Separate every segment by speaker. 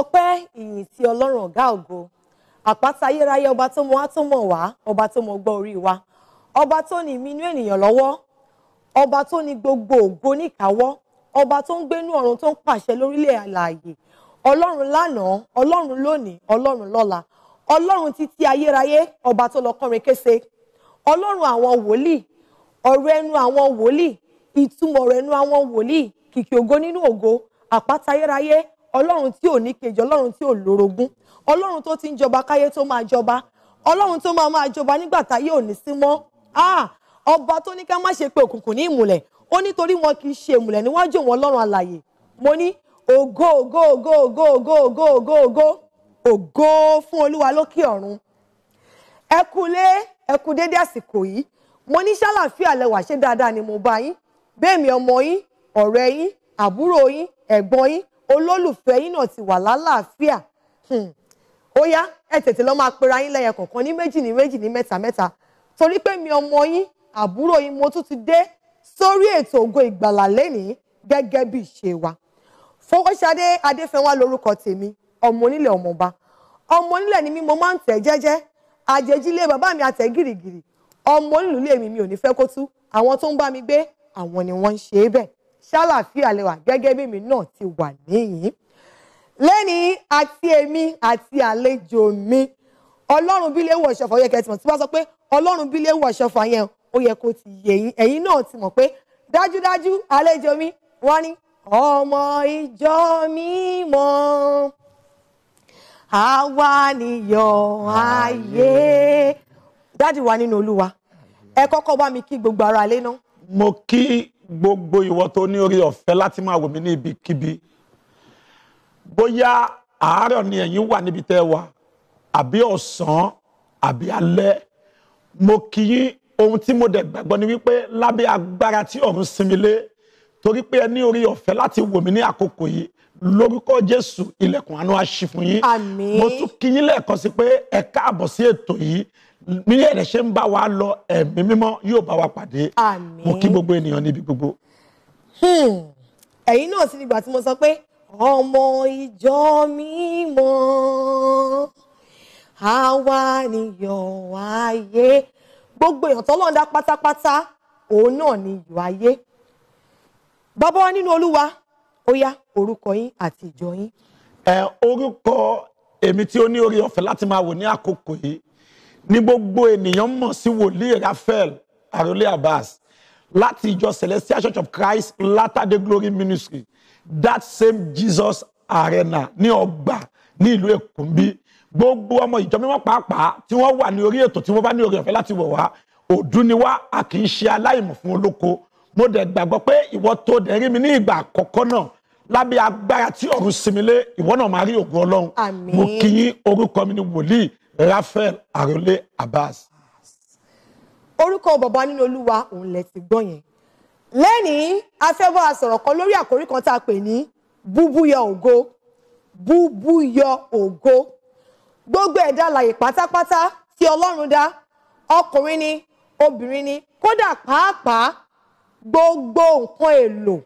Speaker 1: ọpẹ́ ìyìn tí Ọlọ́run ọ̀gá ògo àpáta ayérayé ọba tó mọ wá tó mọ wá ọba tó mọ gbọ́ orí wa ọba tó ní ìmínú ènìyàn lọ́wọ́ ọba tó ní gbogbo ògo níkàáwọ́ ọba tó ń gbénú ọ̀run tó ń pàṣẹ lórílẹ̀ àlàyé ọlọ́run lánàá ọlọ́run lónìí ọlọ́run lọ́la ọlọ́run títí ayérayé ọba tó lọ kọrin kése ọlọ́run àwọn wòlíì ọ̀rọ̀ ẹnu àwọn wòlíì ìtumọ̀ ọ̀rọ̀ ẹnu àwọn wòlíì kìkì ògo nínú ògo àpáta ayérayé ọlọ́run tí ò ní kejì ọlọ́run tí ò lórogún ọlọ́run tó ti ń jọba káyé tó máa jọba ọlọ́run tó máa máa jọba nígbà táyé ò ní sí mọ́ ah! ọba tó ní ká má ṣe pé òkùnkùn ní ìmùlẹ̀ ó nítorí wọn kì í ṣe ìmùlẹ̀ níwájú òun ọlọ́run alàyè mo ní ògo ògo ògo ògo ògo ògo ògo ògo ògo fún olúwa lókè ọ̀run ẹ kúlé àsìkò yìí mo ní ṣàlàfíà lẹwà ṣe dáadáa ni mo bá yín bẹ́ẹ̀ mi ọmọ yín ọ̀rẹ́ yín àbúrò yín ẹ̀gbọ́n yín olólùfẹ́ yín náà ti wà lálàáfíà hmm. ó yá ẹ tètè lọ máa pera yín lẹ́yìn kọ̀ọ̀kan ní méjì ní méjì ní mẹ́ta mẹ́ta torí pé mi ọmọ yín àbúrò yín mo tún ti dé sórí ètò ògo ìgbàlà lẹ́nìí gẹ́gẹ́ bí ìṣe wa Fọwọ́ṣadé Adéfẹ́nwá lórúkọ tèmi ọmọ onílẹ̀ ọmọọba ọmọ onílẹ̀ ni mí mo máa ń tẹ̀ jẹ́jẹ́ àjèjìlé bàbá mi àtẹ̀ gìrìgìrì ọmọ onílùú lèmi mi ò ní fẹ́ kó tú àwọn tó ń bá mi gbé àwọn ni wọ́n ń ṣe é bẹ́ẹ̀ ṣàlàfíà lẹ́wà gẹ́gẹ́ bí mi náà ti wà níyìn lẹ́ni àti èmi àti àlejò mi ọlọ́run bí léwu ọ̀ṣọ́fọ̀ yẹ kẹ́tìmọ̀ tí wọ́n sọ pé ọlọ́run bí léwu ọ̀ṣọ́fọ̀ yẹn ó yẹ kó ti yé yín ẹ̀yin náà ti mọ̀ pé dájúdájú àlejò mi wọ́n ní ọmọ ìjọ mímọ́ àwa nìyọ̀ ayé dájú wa nínú olúwa ẹ kọ́kọ́ bá mi kí gbogbo ara lé náà. mo kí
Speaker 2: gbogbo ìwọ tó ní orí ọ̀fẹ́ láti máa wò mí ní ibikíbi bóyá àárọ̀ ni ẹ̀yin wà níbi tẹ́ wà àbí ọ̀sán àbí alẹ́ mo kí yín ohun tí mo dẹ̀ gbàgbọ́ ni wípé lábẹ́ agbára tí ọ̀run sinmi lé torí pé ẹ ní orí ọ̀fẹ́ láti wò mí ní àkókò yìí lórúkọ Jésù ilẹ̀kùn àánú á ṣí mo tún kí yín lẹ́ẹ̀kan sí pé ẹ káàbọ̀ sí ètò yìí bí ẹ̀rẹ̀ ṣe ń bá wa lọ ẹ̀mí mímọ́ yóò bá wa pàdé mo kí gbogbo ènìyàn níbi gbogbo.
Speaker 1: Hmm. ẹ̀yin náà sì nígbà tí mo sọ pé ọmọ ìjọ mímọ́ àwa nìyọ̀ ayé gbogbo èèyàn tọ́lọ́run dá pátápátá òun náà ni ìyọ̀ ayé bàbá wa nínú olúwa ó yá orúkọ yín àti ìjọ yín. ẹ
Speaker 2: orúkọ èmi tí ó ní orí ọ̀fẹ́ láti máa wò ní àkókò yìí ní gbogbo ènìyàn mọ̀ sí wòlíì Raphael Arole Abbas láti ìjọ Celestial Church of Christ Latter-day Glory Ministry that same Jesus Arena ní ọgbà ní ìlú Èkó gbogbo ọmọ ìjọ mímọ́ pàápàá tí wọ́n wà ní orí ètò tí wọ́n bá ní orí ọ̀fẹ́ láti wọ̀ wá ọdún ni wá a kì í ṣe aláìmọ̀ fún olóko mo dẹ̀ gbàgbọ́ pé ìwọ tó dẹ̀ rí mi ní ìgbà àkọ́kọ́ náà lábẹ́ agbára tí ọ̀run sinmi lé ìwọ náà máa rí ògùn Ọlọ́run mo kì í orúkọ mi ní wòlíì Raphael Arole Abbas.
Speaker 1: Orúkọ bàbá nínú Olúwa òun lẹ ti gbọ́ yẹn. Lẹ́nìí, a fẹ́ bá a sọ̀rọ̀ kan lórí àkórí kan tá a pè ní búbúyọ ògo. Búbúyọ ògo. Gbogbo ẹ̀dá alààyè pátápátá tí Ọlọ́run dá. Ọkùnrin ni, obìnrin ni, kódà pàápàá gbogbo nǹkan èlò.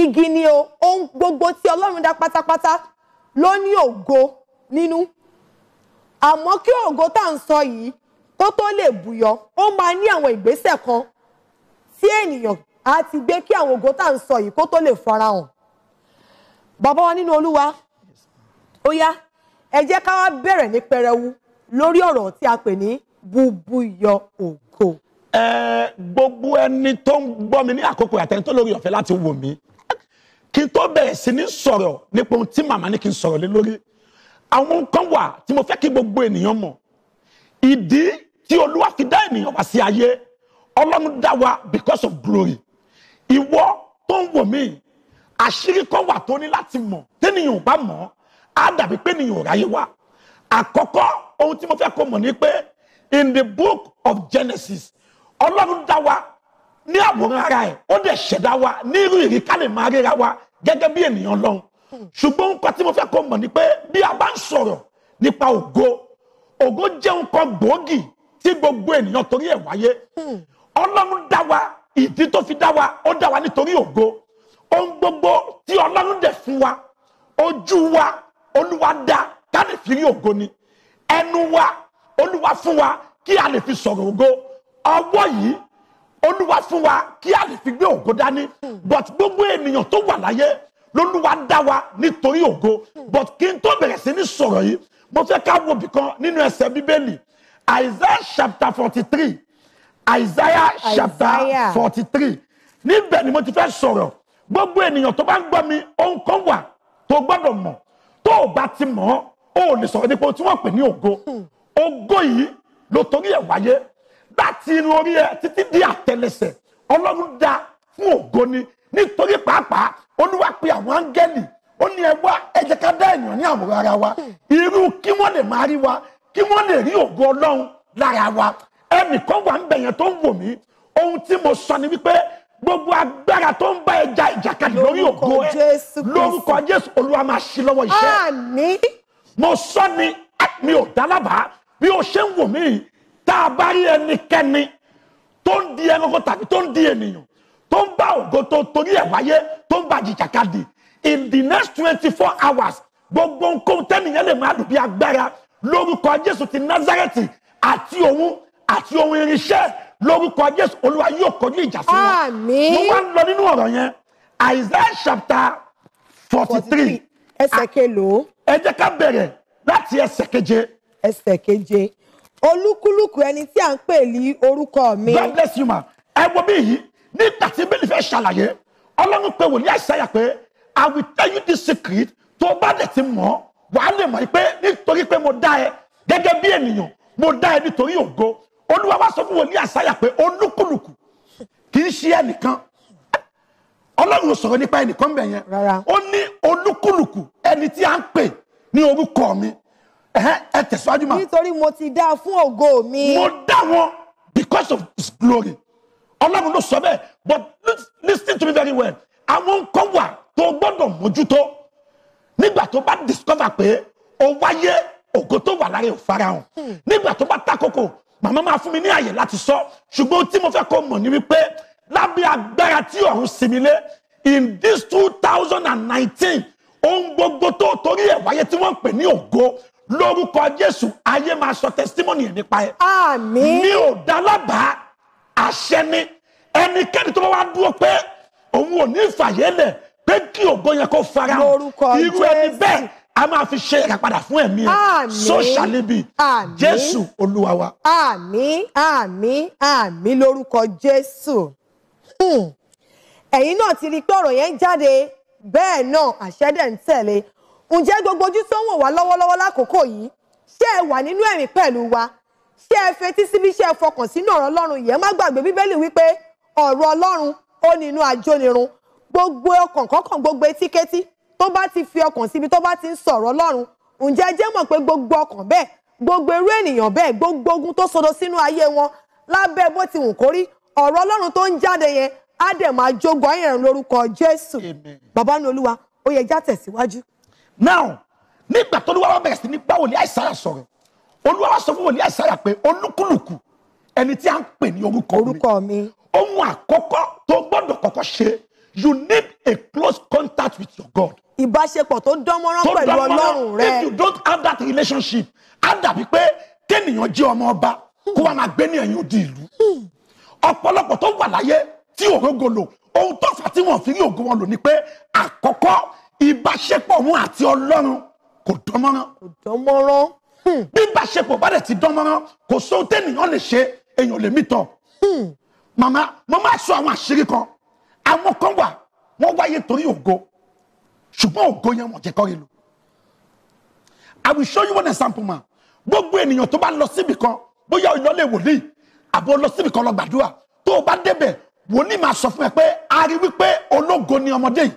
Speaker 1: Igi ni o, ohun gbogbo tí Ọlọ́run dá pátápátá ló ní ògo nínú àmọ́ kí ògo tá à ń sọ yìí tó tó lè bùyọ ó máa ní àwọn ìgbésẹ̀ kan tí ènìyàn á ti gbé kí àwọn ògo tá à ń sọ yìí kó tó lè farahàn bàbá wa nínú olúwa ó yá ẹ jẹ́ ká wá bẹ̀rẹ̀ ní pẹrẹwu lórí ọ̀rọ̀ tí a pè ní bùbùyọ ògo. ẹ gbogbo ẹni tó ń gbọ́ mi ní àkókò àtẹni tó
Speaker 2: lórí ọ̀fẹ́ láti wò mí kí n tó bẹ̀rẹ̀ sí ní sọ̀rọ̀ nípa ohun tí màmá ní kí n sọ̀rọ̀ lé lórí àwọn nǹkan wà tí mo fẹ́ kí gbogbo ènìyàn mọ̀ ìdí tí olúwa fi dá ènìyàn wá sí ayé ọlọ́run dá wa because of glory ìwọ tó ń wò mí àṣírí kan wà tó ní láti mọ̀ tẹ́nìyàn ò bá mọ̀ á dàbí pé ènìyàn ò ráyé wá àkọ́kọ́ ohun tí mo fẹ́ kó mọ̀ ni pé in the book of Genesis ọlọ́run dá wa ní àwòrán ara ẹ̀ ó dẹ̀ ṣẹ̀dá wa ní irú ìrí máa ríra wa gẹ́gẹ́ bí ènìyàn lọ́hùn ṣùgbọ́n nǹkan tí mo fẹ́ kó mọ̀ ni pé bí a bá ń sọ̀rọ̀ nípa ògo ògo jẹ́ nǹkan gbòógì tí gbogbo ènìyàn torí ẹ̀ wáyé hmm. ọlọ́run dá wa ìdí tó fi dá wa ó dá wa nítorí ògo ohun gbogbo tí ọlọ́run dẹ̀ fún wa ojú wa olúwa dá ká lè fi rí ògo ni ẹnu wa olúwa fún wa kí a lè fi sọ̀rọ̀ ògo ọwọ́ yìí olúwa fún wa kí a lè fi gbé ògo dání hmm. but gbogbo ènìyàn tó wà láyé lolúwa dá wa nítorí ògo but kí n tó bẹ̀rẹ̀ sí ní sọ̀rọ̀ yìí mo fẹ́ ká wo bìkan nínú ẹsẹ̀ bíbélì isaiah chapter forty three isaiah chapter forty three níbẹ̀ ni mo ti fẹ́ sọ̀rọ̀ gbogbo ènìyàn tó bá ń gbọ́ mi ohun kan wà tó gbọ́dọ̀ mọ̀ tó o bá ti mọ̀ ọ́ ò lè sọ̀rọ̀ nípa ohun tí wọ́n pè ní ògo ògo yìí ló torí ẹ̀ wáyé láti irun orí ẹ títí di àtẹ́lẹsẹ̀ ọlọ́run dá fún ògo ni nítorí pàápàá olúwa pe àwọn áńgẹ́lì ó ní ẹ wá ẹ jẹ́ ká dá ènìyàn ní àwòrán ara wa irú kí wọ́n lè máa rí wa kí wọ́n lè rí ògo ọlọ́run lára wa ẹnìkan wà ń bẹ̀ yẹn tó ń wò mí ohun tí mo sọ ni wípé gbogbo agbára tó ń bá ẹ ìjàkadì lórí ògo ẹ lórúkọ jésù olúwa máa ṣí lọ́wọ́ iṣẹ́ mo sọ ni mi ò dálábàá bí o ṣe ń wò mí tá a bá rí ẹnikẹ́ni tó ń di ẹranko tàbí tó ń di ènìyàn tó ń bá ògo tó torí ẹ̀ wáyé tó ń bá jìjàkadì in the next twenty four hours gbogbo nǹkan tẹ́nìyàn lè máa dùn bí agbára lórúkọ Jésù ti Nazareti àti òun àti ohun irinṣẹ́ lórúkọ Jésù Olúwa yóò kọjú ìjà sí
Speaker 1: wọn. Àmín. mo wá ń lọ nínú
Speaker 2: ọ̀rọ̀ yẹn Isaiah chapter forty three ẹsẹ̀ ah. kelòó. ẹ jẹ́ ká bẹ̀rẹ̀ láti ẹsẹ̀ keje. ẹsẹ̀ keje olúkúlùkù ẹni tí à ń pè ní orúkọ mi. God bless you ma ẹ wo bí yìí nígbà tí bíbélì fẹ́ ṣàlàyé ọlọ́run pé wòlíì àìsáyà pé i will tell you this secret tó bá dẹ̀ ti mọ̀ wàá lè mọ̀ pé nítorí pé mo dá ẹ gẹ́gẹ́ bí ènìyàn mo dá ẹ nítorí ògo olúwa wá sọ fún wòlíì àìsáyà pé olúkúlùkù kì í ṣe ẹnìkan ọlọ́run sọ̀rọ̀ nípa ẹnìkan bẹ̀ yẹn ó ní olúkúlùkù ẹni tí a ń pè ní orúkọ mi ẹ tẹ̀síwájú mà. nítorí mo ti dá fún ògo mi. mo dá wọn because of his glory ọlọ́run ló sọ bẹ́ẹ̀ but listen to me very well àwọn nǹkan wà tó gbọ́dọ̀ mójútó nígbà tó bá discover pé o wáyé ògo tó wà lára ò farahàn nígbà tó bá takoko màmá máa fún mi ní àyè láti sọ ṣùgbọ́n tí mo fẹ́ kó mọ̀ ní wípé lábẹ́ agbára tí ọ̀run sinmi lé in this two thousand and nineteen ohun gbogbo tó torí ẹ̀ wáyé tí wọ́n ń pè ní ògo lórúkọ Jésù ayé máa sọ testimony ẹ̀ nípa ẹ̀. àmín mi ò dá lábàá àṣẹ ni ẹnikẹ́ni tó bá wá dúró pé òun ò ní fàyẹ́lẹ̀ pé kí ògo yẹn kó fara hàn irú ẹni bẹ́ẹ̀ a máa fi ṣe ìràpadà fún ẹ̀mí ẹ̀ sọ́ṣàlíbì jésù olúwa wa.
Speaker 1: àmín àmín àmín lórúkọ jésù hmm. ẹ̀yin náà ti rí i pé ọ̀rọ̀ yẹn ń jáde bẹ́ẹ̀ náà àṣẹ dẹ̀ ń tẹ̀lé ǹjẹ́ gbogbo ojú tó ń wò wá lọ́wọ́lọ́wọ́ lákòókò yìí ṣé ẹ wà nínú ẹ̀mí pẹ̀lú wa ṣé ẹ fetí síbi ṣé ẹ fọkàn sínú ọ̀rọ̀ ọlọ́run yẹn má gbàgbé bíbélì wípé ọ̀rọ̀ ọlọ́run ó ní inú àjónirun gbogbo ọkàn kọ́kàn gbogbo etíkẹ́tí tó bá ti fi ọkàn síbi tó bá ti ń sọ̀rọ̀ ọlọ́run ǹjẹ́ jẹ́ mọ̀ pé gbogbo ọkàn bẹ́ẹ̀ gbogbo irú ènìyàn bẹ́ẹ̀ gbogbo ogun tó sodo sínú ayé wọn lábẹ́ bó ti wù kórí ọ̀rọ̀ ọlọ́run tó ń jáde yẹn á dẹ̀ máa jogún ayẹ̀rùn lórúkọ jésù bàbá ní olúwa ó yẹ já tẹ̀síwájú. now
Speaker 2: nígbà tó ló wá wá bẹ̀rẹ̀ sí ní báwo ni àìsàn àsọ̀rọ̀ olúwa sọ fún wòlíì àṣàyà pé olúkúlùkù ẹni tí a ń pè ní orúkọ mi ohun àkọ́kọ́ tó gbọ́dọ̀ kọ́kọ́ ṣe you need a close contact with your God. ìbáṣepọ̀ tó dánmọ́rán pẹ̀lú ọlọ́run rẹ. if you don't have that relationship á dàbí pé kéèyàn jẹ́ ọmọ ọba kó wàá máa gbé ní ẹ̀yìn odi ìlú ọ̀pọ̀lọpọ̀ tó wà láyé tí òrógo lò ohun tó fà tí wọn fi rí ògo wọn lò ni pé àkọ́kọ́ ìbáṣepọ̀ wọn àti ọlọ́run kò dánmọ́rán. kò dánmọ́rán bí ìbáṣepọ̀ bá dẹ̀ ti dán mọ́rán kò sóhun tẹ́nìyàn lè ṣe èèyàn lè mí tán màmá mo máa sọ àwọn àṣírí kan àwọn kan wà wọ́n wáyé torí ògo ṣùgbọ́n ògo yẹn wọ́n jẹ́ kọ́ rí I will show you one example ma gbogbo ènìyàn tó bá lọ síbi kan bóyá o lọ lé wòlíì àbò lọ síbi kan lọ gbàdúrà tó o bá débẹ̀ wòlíì máa sọ fún ẹ pé a rí wípé ológo ni ọmọdé yìí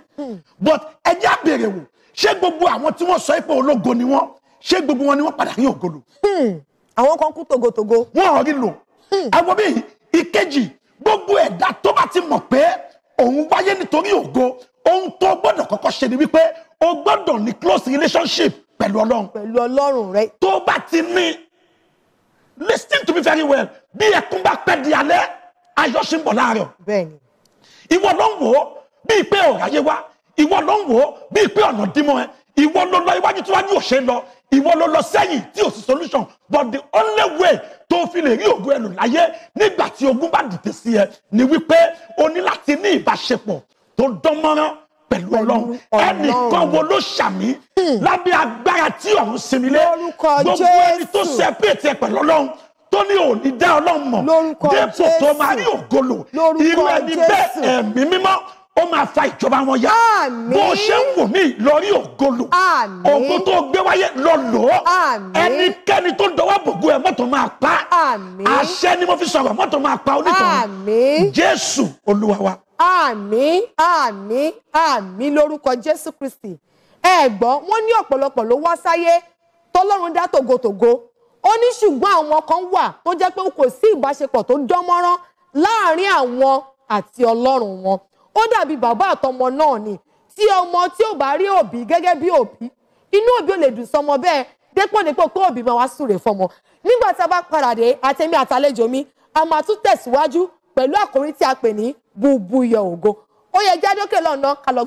Speaker 2: but ẹ jẹ́ àbèrè wò ṣé gbogbo àwọn tí wọ́n sọ pé ológo ni wọ́n ṣé gbogbo wọn ni wọ́n padà rí ògolo. Hmm. àwọn kan kú togotogo. wọ́n ò rí lò. àwọn hmm. bíi ìkejì gbogbo ẹ̀dá tó bá ti mọ̀ pé òun wáyé nítorí ògo ohun tó gbọ́dọ̀ kọ́kọ́ ṣe ni wípé o gbọ́dọ̀ ní close relationship pẹ̀lú ọlọ́run. pẹ̀lú ọlọ́run rẹ. tó bá ti ní listen to me very well bí ẹkún bá pẹ́ di alẹ́ ayọ̀ ṣì ń bọ̀ láàárọ̀. bẹ́ẹ̀ni. ìwọ ló ń wò ó bíi pé ọ̀rọ̀ ayé wá ìwọ ló ń wò ó bíi pé ọ̀nà dímọ̀ ẹ ìwọ ló lọ iwájú tí wájú ò ṣe lọ ìwọ ló lọ sẹ́yìn tí ò sí solution but the only way tó fi lè rí ògùn ẹnu láyé nígbà tí ogun bá dìde sí ẹ ni wípé o ní láti ní ìbáṣepọ̀ tó dán mọ́rán pẹ̀lú ọlọ́run ẹnìkan wo ló ṣàmì hmm. lábẹ́ agbára tí ọ̀run sinmi lé gbogbo ẹni tó ṣe pété pẹ̀lú ọlọ́run tó ní òní dá ọlọ́run mọ̀ dépò tó máa rí ògolo irú ẹni bẹ́ẹ̀ ẹ̀mí mímọ́ ó máa fa ìjọba wọn yá bó ṣe ń wò mí lọ rí ògolo ògo tó gbé wáyé lọ lò ó ẹnikẹ́ni tó dọwọ́ bògo ẹ̀ mọ́tò máa pa àṣẹ ni mo fi sọ̀rọ̀ mọ́tò máa pa
Speaker 1: onítọ̀hún
Speaker 2: jésù olúwa wa.
Speaker 1: àmín àmín àmín lórúkọ jésù kristi ẹ gbọ́ wọ́n ní ọ̀pọ̀lọpọ̀ ló wá sáyé tọ́lọ́run dá tògótògó ó ní ṣùgbọ́n àwọn kan wà tó jẹ́ pé kò sí ìbáṣepọ̀ tó dán mọ́rán láàárín àwọn àti ọlọ́run wọn ó dàbí bàbá àtọmọ náà ni tí ọmọ tí ò bá rí òbí gẹ́gẹ́ bí òbí inú òbí ò lè dùn sọmọ bẹ́ẹ̀ dépò nípò kó òbí máa wá súre fọmọ nígbà tá a bá padà dé àtẹ̀mí àtàlejò mi a máa tún tẹ̀síwájú pẹ̀lú àkòrí tí a pè ní bùbùyọ̀ ògo ó yẹ jáde òkè lọ́nà ká lọ